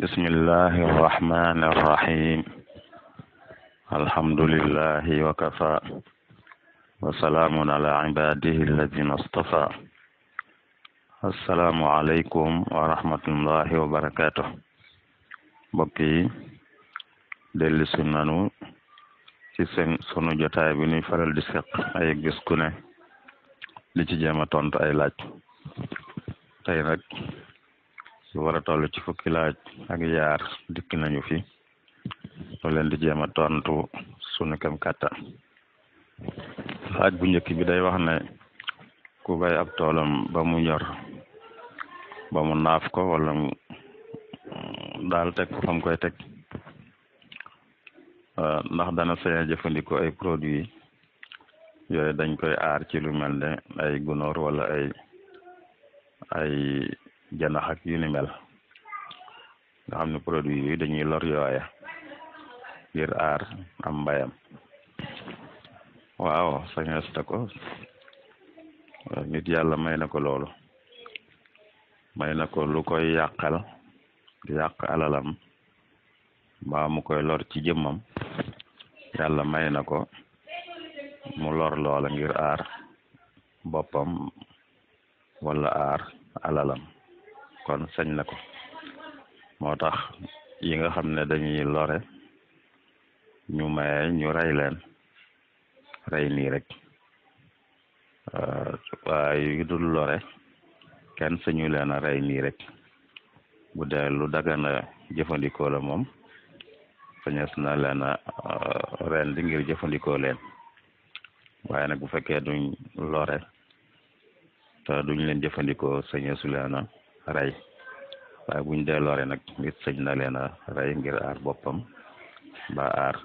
bismillahi arrahmani arrahim alhamdulillahi wa kafa wa salaamun ala ibadihi assalaamu aleykum wa rahmatullahi wa yi delli su ci sunu jotaay bi ñuy faral di seq ay gis ku ci jéem a tontu ay laaj tey nag yu war a toll ci fukki laaj ak yaar dikk nañu fi ñu leen di jéem a tontu sunu kem kàttan laaj bu njëkk bi day wax ne ku bay ab toolam ba mu ñor ba mu naaf ko wala daal teg ko fa koy teg euh, ndax dana sañ a jëfandikoo ay produits yooyu dañ koy aar ci lu mel ne ay gunóor wala ay ay janax ak yu ni mel nga xam ne produit yi dañuy lor yooya ngir aar am mbayam waaw sañees na ko nit yàlla may na ko loolu may na ko lu koy yàqal yàq alalam mbaa mu koy lor ci jëmmam yàlla may na ko mu lor loola ngir aar boppam wala aar alalam kon sañ na ko moo tax yi nga xam ne dañuy lore ñu maye ñu rey leen rey nii rek waaye yu loore lore kenn sañu leen a rey nii rek bu dee lu dagan a jëfandikoo la moom sañes na leen a uh, ren di ngir jëfandikoo leen waaye nag bu fekkee duñ lore te duñ leen jëfandikoo sañesu leen rey waaye buñ dee lore nag sëñ na leen a rey ngir aar boppam ba aar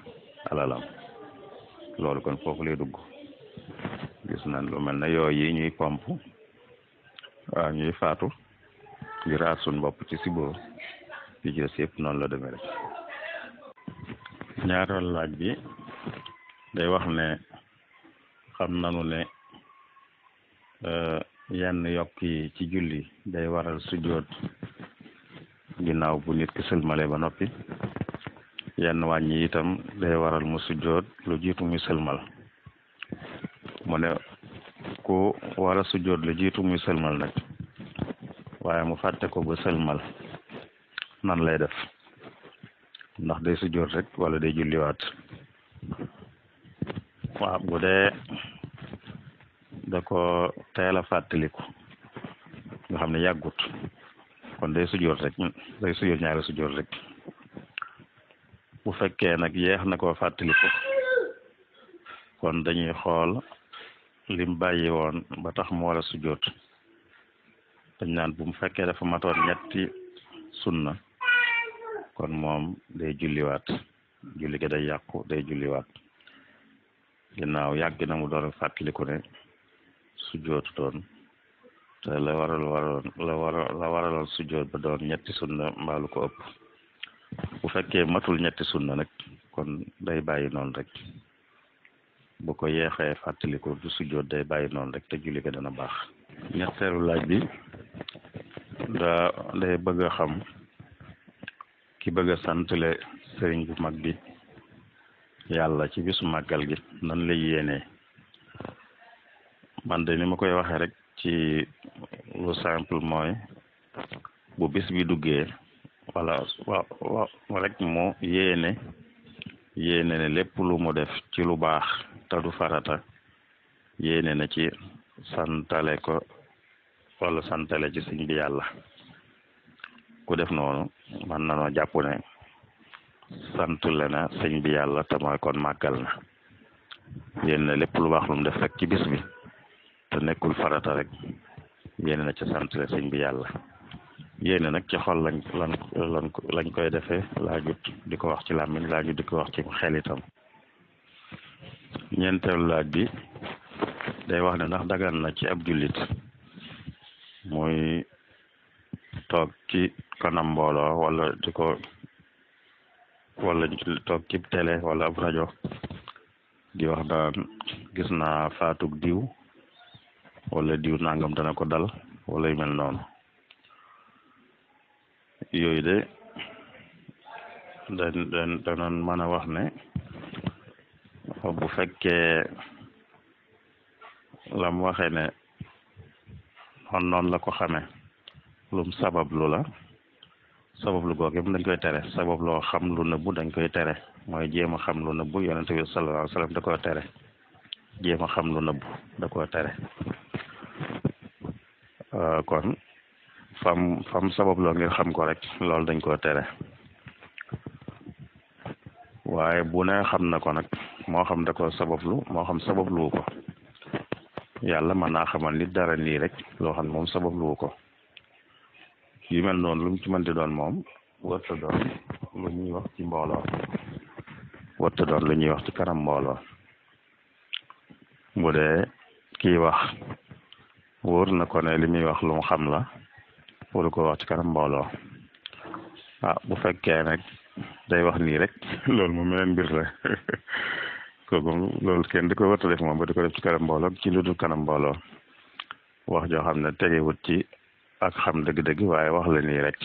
alalam loolu kon foofu lay dugg gis nañ lu mel ne yooyu yi ñuy pomp waaw ñuy faatu ngir aar suñ bopp ci sibóor ci jos yëpp noonu la demee rek ñaareelu laaj bi day wax ne xam nanu ne euh, yenn yokk yi ci julli day waral sujjoot ginnaaw bu nit ki sëlmale ba noppi yenn wàññi itam day waral mu sujjoot lu jiitu muy sëlmal mu ne ku war sujjoot lu jiitu muy sëlmal nag waaye mu fàtte ko ba sëlmal nan lay def ndax day sujjoot rek wala day julliwaat waaw bu dee da teel a fàttaliku nga xam ne yàggut kon day sujjoot rek day sujjoot ñaari sujjoot rek bu fekkee nag yeex na koo fàttaliku kon dañuy xool lim bàyyi woon ba tax mu war a sujjoot dañ naan bu mu fekkee dafa matoon ñetti sunna kon moom day julliwaat julli ga day yàqu day julliwaat ginnaaw yàgg na mu doon fàttaliku ne sujjootu doon te la waral waroon la waraloon sujjoot ba doon ñetti sunna mbaalu ko ëpp bu fekkee matul ñetti sunna nag kon day bàyyi noon rekk bu ko yeexee fàttaliku du sujjoot day bàyyi noonu rek te julli ga dana baax ñetteelu laaj bi daa day bëgg a xam ki bëgg santale sëriñ bu mag bi yàlla ci bisu màggal gi nan lay yéenee man de ni ma koy waxee rek ci lu simple mooy bu bis bi duggee wala wa rek mu yéene yéene ne lépp lu mu def ci lu baax te du farata yéene na ci santale ko wala santale ci sëñ bi yàlla ku def noonu man na noo jàpp ne santule na sëñ bi yàlla te mooy kon màggal na yéen lépp lu baax lu def rek ci bis bi te nekkul farata rek yéene na ca sant la sëñ bi yàlla yéene nag ci xol lañ lañ koy defee laajut di ko wax ci làmmiñ laajut di ko wax ci xel itam ñeenteelu laaj bi day wax ne ndax dagan na ci ab julit mooy toog ci kanam mbooloo wala di ko wala toog ci télé wala ab rajo di wax daan gis naa faatug diw wala diw nangam dana ko dal wala yu mel noonu yooyu de da danoon mën a wax ne bu fekkee lam waxee ne xon noonu la ko xamee lum sabab lu la sabab lu googu yëpp dañ koy tere sabab loo xam lu nëbbu dañ koy tere mooy jéem a xam lu nëbbu yonente bi sallallahu alayhi wa sallam da koo tere jéem a xam lu nëbbu da koo tere Euh, kon fam fam sabab loo ngir xam ko rek loolu dañ ko tere waaye bu ne xam na ko nag moo xam da ko sabablu moo xam sababluwu ko yàlla mën naa xamal nit dara nii rek loo xam ne moom sababluwu ko yu mel noonu lu mu ci mën doon moom warta doon lu ñuy wax ci mbooloo warta doon lu ñuy wax ci kanam mbooloo bu dee kii wax wóor na ko ne li muy wax lu mu xam la wala ko wax ci kanam mbooloo a ah, bu fekkee nag day wax nii rek loolu moom meneen mbir la kooku loolu kenn di ko war a def moom ba di ko ci kanam mbooloo ci lu dul mbooloo wax joo xam ne tegewut ci ak xam dëgg-dëgg waaye wax la nii rek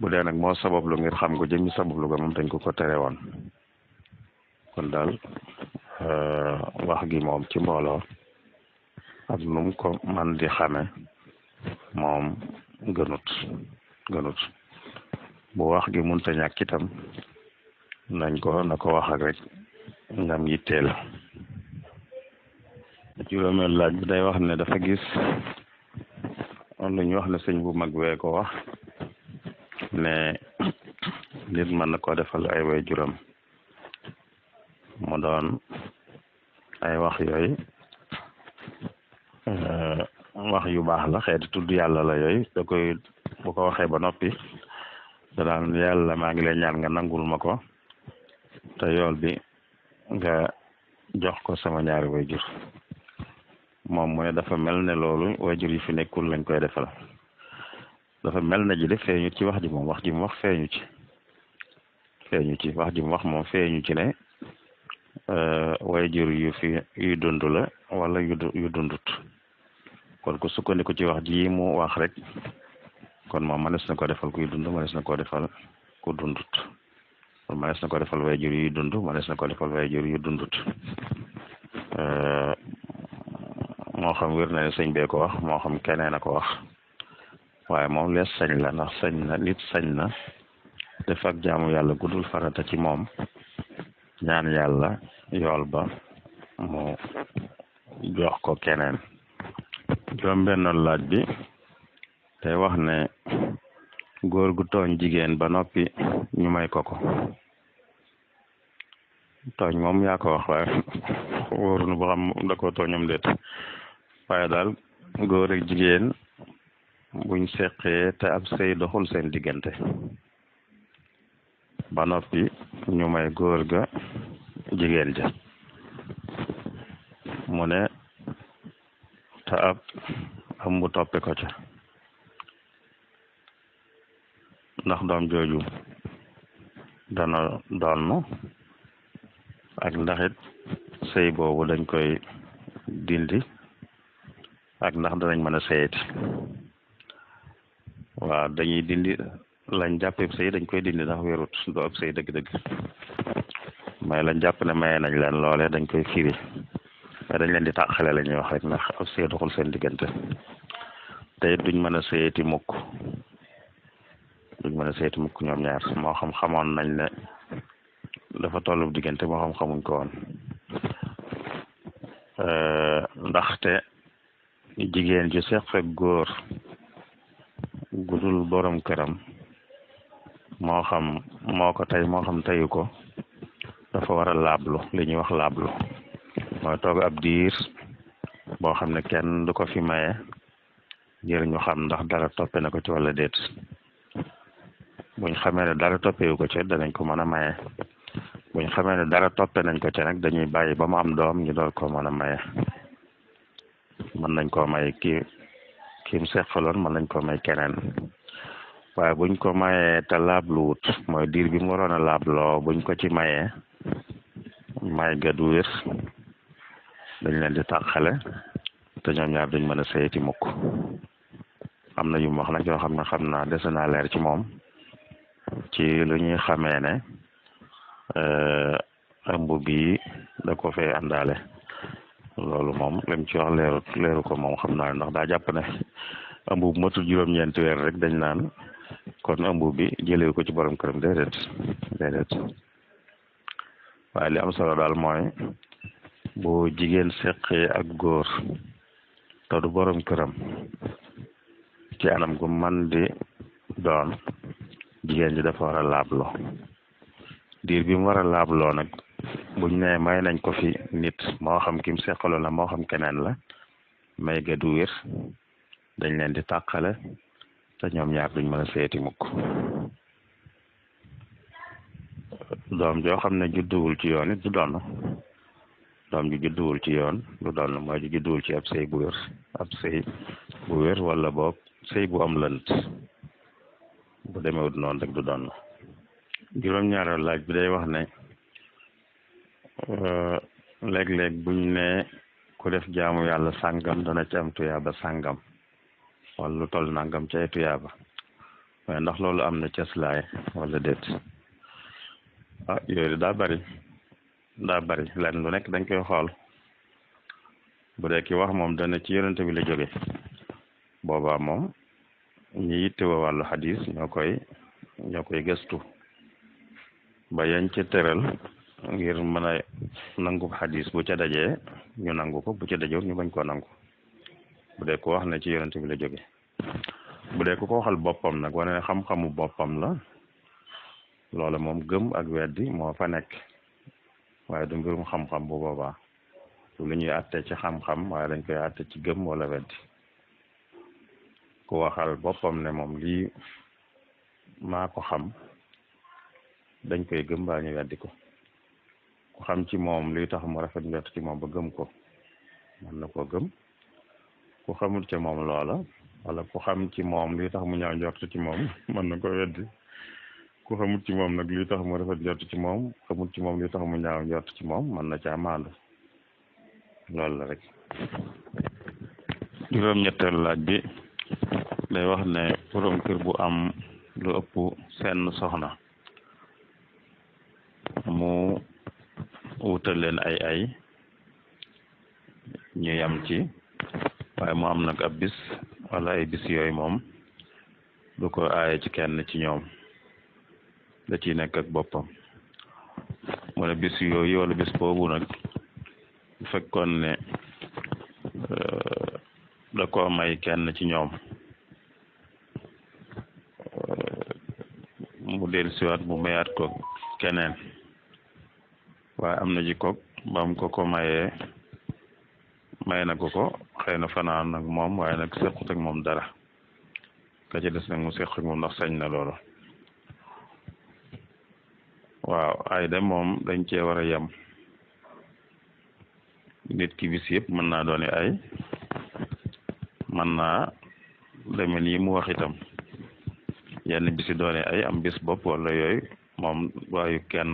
bu dee nag moo sabablu ngir xam ko jëmmi sabablu ko moom dañ ko ko tere woon kon daal euh, wax gi moom ci mbooloo ak ko man di xame moom gënut gënut bu wax gi munta ñàkk itam nañ ko na ko wax ak rek ngam yitteel juróomeel laaj bi day wax ne dafa gis lu ñu wax ne sëñ bu mag wee ko wax ne nit mën na ko defal ay way juróom mu ay wax yooyu wax yu baax la xeeti tudd yàlla la yooyu da koy boo ko waxee ba noppi da daan yàlla maa ngi leen ñaan nga nangul ma ko te yool bi nga jox ko sama ñaari wayjur moom mu ne dafa mel ne loolu wayjur yi fi nekkul lañ koy defal dafa mel na ji de ci wax ji wax ji mu wax feeñu ci feeñu ci wax ji wax moom feeñu ci ne euh, wayjur yu fi yu dund la wala yu dundut kon ku sukkandiku ci wax ji mu wax rek kon moom mënees na ko defal kuy dund mënees na ko defal ku dundut kon mënees na ko defal way jur yuy dund mënees na ko jur yu dundut eh, moo xam wér na ne sëñ ko wax moo xam keneen a ko wax waaye moom le sañ la ndax sañ na nit sañ na def ak jaamu yàlla guddul farata ci moom ñaan yàlla yool ba mu jox ko keneen juróom benn laaj bi tey wax ne góor gu tooñ jigéen ba noppi ñu may ko ko tooñ moom yaa ko wax waaye wóorunu ba xam da ko tooñam déet waaye daal góor jigéen buñ seqee te ab sëy doxul seen diggante ba noppi ñu may góor ga jigéen ja mu ne te ab am mu toppe ko ca ndax doom jooju dana doon na ak ndaxit sëy boobu dañ koy dindi ak ndax danañ mën a sëyati waaw dañuy dindi lañ jàppee sëy dañ koy dindi ndax wérut du sëy dëgg-dëgg may lañ jàpp ne maye nañ loole dañ koy firi mais dañ leen di tàqale la ñuy wax rek na ab sëy doxul seen diggante te duñ mën a sëyati mukk duñ mën a sëyati mukk ñoom ñaar moo xam xamoon nañ ne dafa tollu diggante moo xam xamuñ ko woon ndaxte jigéen ju seq ak góor gudul borom këram moo xam moo ko tey moo xam teyu ko dafa war a laablu li ñuy wax laablu mooy toog ab diir boo xam ne kenn du ko fi maye ngir ñu xam ndax dara toppe na ko ci walla déet buñ xamee ne dara toppewu ko ci danañ ko mën a maye buñ xamee ne dara toppe nañ ko ci nag dañuy bàyyi ba mu am doom ñu door koo mën a maye mën nañ koo may kii kim seqaloon mën nañ koo may keneen waaye buñ ko mayee te laab lu mooy diir bi mu waroon a laab loo buñ ko ci mayee may ga du wér dañ leen di tàqale te ñoom ñaar dañ mën a sëyati mukk am na yu mu wax nag yoo xam ne xam naa dese naa leer ci moom ci lu ñuy xamee ne euh, ëmb bi da ko fay àndaale loolu moom lim ci wax leeru leeru ko moom xam naa ndax daa jàpp ne ëmb bu matul juróom-ñeenti weer rek dañ naan kon ëmb bi jëlee ko ci borom kër déedéet déedéet waaye li am solo daal mooy bo jigéen seqee ak góor te du boroom këram ci anam gu man di doon jigéen ji dafa war a laabloo diir bi mu war a laabloo nag buñ ne may nañ ko fi nit moo xam kim seqaloon na moo xam keneen la may ga du dañ leen di tàqale te ñoom ñaar duñ mën a seeti mukk doom joo xam ne judduwul ci yoon it du doon doom ju judduwul ci yoon lu doon mooy ju judduwul ci ab sëy bu wér ab sëy bu wala boog sëy bu am lënt bu demewut noonu rek du doon juróom laaj bi day wax ne euh, léeg buñ ne ku def jaamu yàlla sàngam dana ci tuyaaba sàngam wala lu tol nangam ci ay tuyaaba waaye ndax loolu am na cëslaay wala déet ah yooyu daa bari da bari lenn lu nek dañ koy xol bu de ki wax mom dana ci yonente bi la joge boba mom ñi yittewoo wa walu hadith ñokoy ñokoy gestu ba yañ ci teral ngir mëna nangu hadith bu ca dajé ñu nangu ko bu ca dajé ñu bañ ko nangu bu de ko wax na ci yonente bi la joge bu de ko ko xal bopam nak wane xam-xamu bopam la lolé mom gëm ak wéddi mo fa nek waaye du mbirum xam-xam bu boobaa du lu ñuy atte ci xam-xam waaye dañ koy atte ci gëm wala weddi ku waxal boppam ne moom lii maa ko xam dañ koy gëm baa ñu weddi ko ku xam ci moom luy tax mu rafet njot ci moom ba gëm ko mën na koo gëm ku xamul ci moom loola wala ku xam ci moom luy tax mu ñaaw njort ci moom mën na ko weddi ku xamul ci moom nag li tax mu rafet jot ci moom xamul ci moom li tax mu ñaaw jot ci moom mën na caa maandu loolu la rek juróom-ñetteel laaj bi day wax ne borom kër bu am lu ëpp seen soxna mu wutal leen ay ay ñu yam ci waaye mu am nag ab bis wala ay bis yooyu moom lu ko aaye ci kenn ci ñoom da ciy nekk ak boppam mu ne bis yooyu wala bis boobu nag bu fekkoon ne euh, da ko may kenn ci ñoom euh, mu dellusiwaat mu mayaat ko keneen waaye am na ji ko ko ko mayee may na ko ko xëy na fanaan nag moom waaye nag sequt ak moom dara ka ci des nag mu seq ak moom ndax sañ na loolu waaw ay de moom dañ cee war a yem nit ki bis yëpp mën naa doone ay mën naa deme nii mu wax itam yenn bisi doone ay am bis bopp wala yooyu moom waayu kenn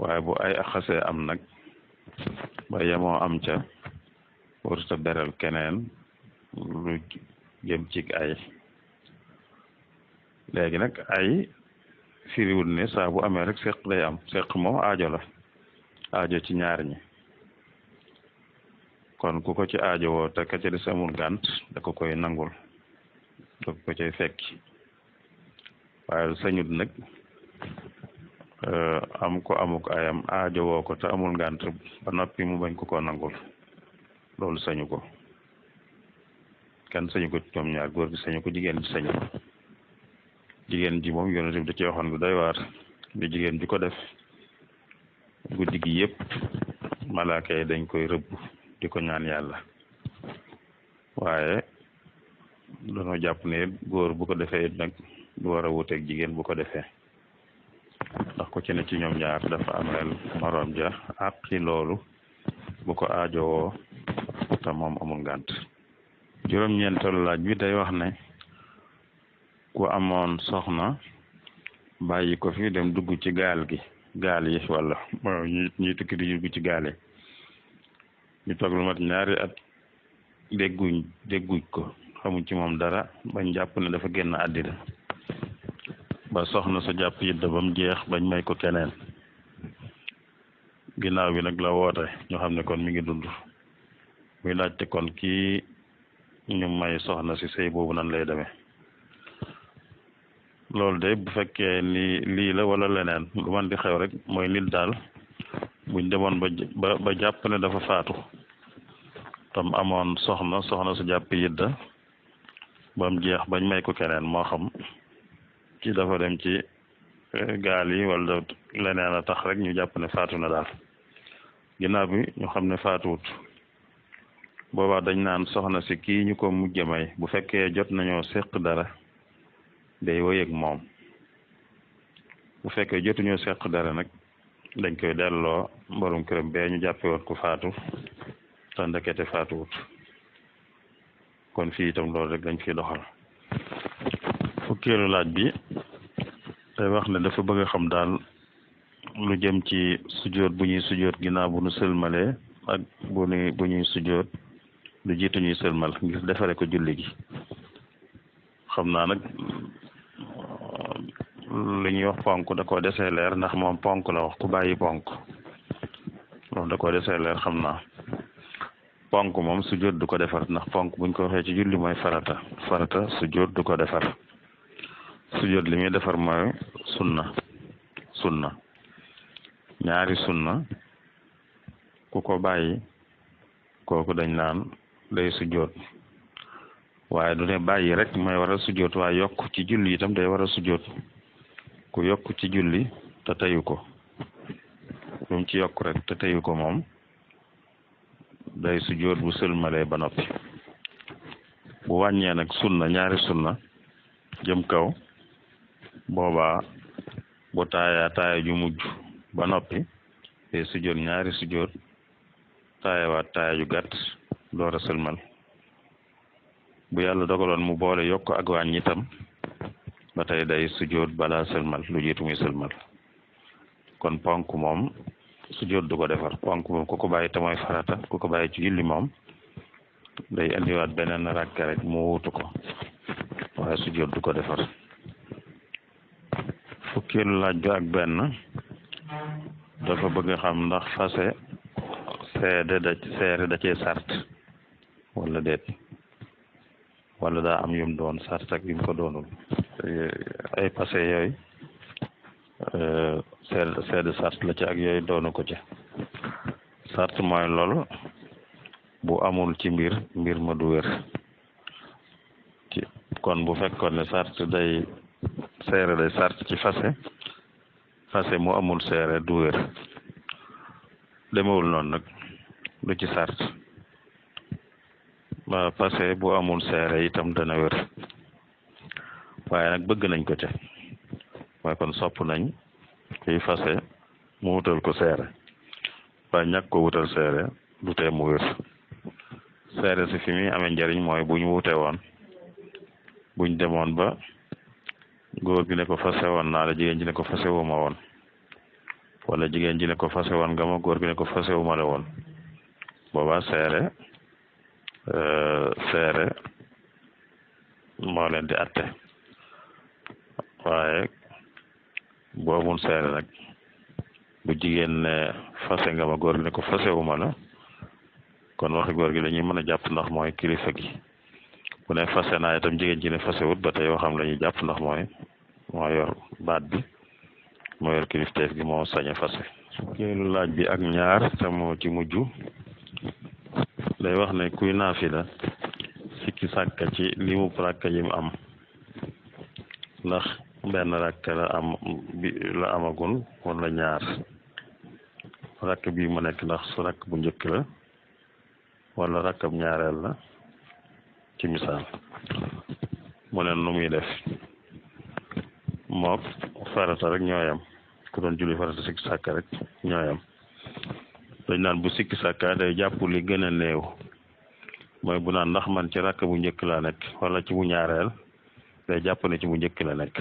waaye bo ay xasee am nag ba yemoo am ca warta beral keneen lu jëm ci ay léegi nag ay firiwut ne saa bu amee rek seq day am seq moom aajo la aajo ci ñaar ñi kon ku ko ci aajo woo te ka ca des amul gant da ko koy nangul da ko cay fekki waaye sañut nag eh, am ko amuk ayam aajo woo ko te amul ngant ba noppi mu bañ ko koo nangul loolu sañu ko kenn sañu ko ñoom ñaar góor gi sañu ko jigéen gi sañu ko jigéen ji moom yonent bi da ci waxoon lu doy waar bi jigéen ji ko def guddi gi yëpp malaaka yi dañ koy rëbb di ko ñaan yàlla waaye dañoo jàpp ne góor bu ko defee nag du war a wuteeg jigéen bu ko defee ndax ko ci ne ci ñoom ñaar dafa ameel morom ja àqi loolu bu ko aajowoo te moom amul ngànt juróom-ñeenteelu laaj bi day wax ne ku amoon soxna bàyyi ko fi dem dugg ci gaal gi gaal yi wala waaw ñuy ñuy tukki dugg ci gaal yi ñu toog lu mat ñaari at dégguñ dégguñ ko xamuñ ci moom dara bañ jàpp ne dafa génn àddina ba soxna sa jàpp yidda ba mu jeex bañ may ko keneen ginnaaw bi nag la woote ñu xam ne kon mi ngi dund muy laajte kon kii ñu may soxna si sëy boobu nan lay demee loolu de bu fekkee lii lii la wala leneen lu man di xew rek mooy nit daal buñ demoon ba ba jàpp ne dafa faatu tam amoon soxna soxna su jàpp yidda ba mu jeex bañ may ko keneen moo xam ci dafa dem ci eh, gaal yi wala leneen a tax rek ñu jàpp ne faatu na daal ginnaaw bi ñu xam ne faatuwut boobaa dañ naan soxna si kii ñu ko mujj may bu fekkee jot nañoo séq dara day wéy ak moom bu fekkee jotuñu seq dara nag dañ koy delloo borom këram bee ñu jàppe ko ku faatu te ndekete faatuwut kon fii itam loolu rek dañ fiy doxal fukkeelu laaj bi day wax ne dafa bëgg xam daal lu jëm ci sujoot bu ñuy sujoot ginnaaw bu ñu sëlmalee ak bu ñuy bu ñuy sujoot lu jiitu ñuy sëlmal ngir defare ko julli gi xam naa nag lu ñuy wax ponk da koo desee leer ndax moom ponk la wax ku bàyyi ponk loolu da koo desee leer xam naa ponk moom su jot du ko defar ndax ponk buñ ko waxee ci julli mooy farata farata su jot du ko defar su jot li muy defar na sun na ñaari sun na ku ko bàyyi kooku dañ naan day su jot waaye du ne bàyyi rek mooy waral su jot waaye yokk ci julli itam day waral su jot ku yokk ci julli te teyu ko lu ci yokk rekk te teyu ko moom day sujjóot bu sëlmalee ba noppi bu wàññee nag sunna ñaari sunna jëm kaw booba bu taayaa taaya ju mujj ba noppi day sujjóot ñaari sujjóot taayawaat taaya ju gàtt door a sëlmal bu yàlla dogaloon mu boole yokk ak wàññi ba tey day sujjóot balaa sëlmal lu jiitu sëlmal kon ponk moom sujjóot du ko defar ponk moom ku ko bàyyi farata ku ko bàyyi ci julli moom day andiwaat beneen rakka rek ko waaye sujjóot du ko defar fukkeelu laaj bi benn dafa bëgg xam ndax fase seede da seere sart wala déet wala daa am yum doon sart ak yum ko doonul ay passé yooyu euh, seed sart la ci ak yooyu doonu ko ci sart mooy loolu bu amul ci mbir mbir ma du wér kon bu fekkoon ne sart day seere day sart ci fase fase mu amul seere du wér demewul noonu nag du ci sart ba fase bu amul seere itam dana wér waaye nag bëgg nañ ko ca waaye kon sopp nañ kuy fase mu wutal ko seere waaye ñag ko wutal seere dutee mu wér seere si fi mi amee njariñ mooy buñ wuute woon buñ demoon ba góor gi ne ko fase woon naa la jigéen ji ne ko fase wu ma woon wala jigéen ji ne ko fase woon nga ma góor gi ne ko fase wu ma la woon boobaa seere Euh, seere moo leen di atte waaye boobun seere nag bu jigéen ne fase nga ma góor gi ne ko fasewuma la kon waxi góor gi lañuy ñuy mën a jàpp ndox mooy kilifa gi bu ne fase naa itam jigéen ji ne fasewut ba tey waxam la ñuy jàpp ndax mooy moo yor baat bi moo yor kilifteef gi moo sañ a fase. keelu laaj bi ak ñaar te ci mujj day wax ne kuy naafila sikki sàkka ci li mu rakka yi mu am ndax benn rakk la am bi la amagul wala ñaar rakk bii mu nekk ndax su rakk bu njëkk la wala rakkab ñaareel la ci misaal mu ne nu muy def mook farata rek ñooyam ku doon julli farata sikki sàkka rek ñooyam dañ naan bu sikk sàkka day jàpp li gën a néew mooy bu naan ndax man ci rakk bu njëkk laa nekk wala ci bu ñaareel day jàpp ne ci bu njëkk la nekk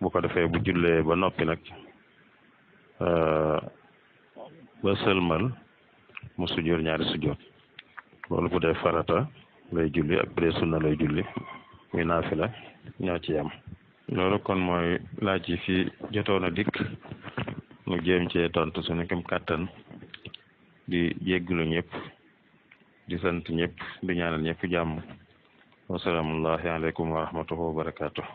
bu ko defee bu jullee ba noppi nag euh, ba sëlmal mu sujjóot ñaari sujjóot loolu bu dee farata lay julli ak bu dee sunna lay julli muy naafila ñoo ci am loolu kon mooy laaj yi fi jotoon dikk ñu jéem cee tontu suñu kem kàttan di jégglu ñëpp di sant ñëpp di ñaanal ñëpp jàmm wasalaamullahi aleykum wa rahmatuhu wa barakatuh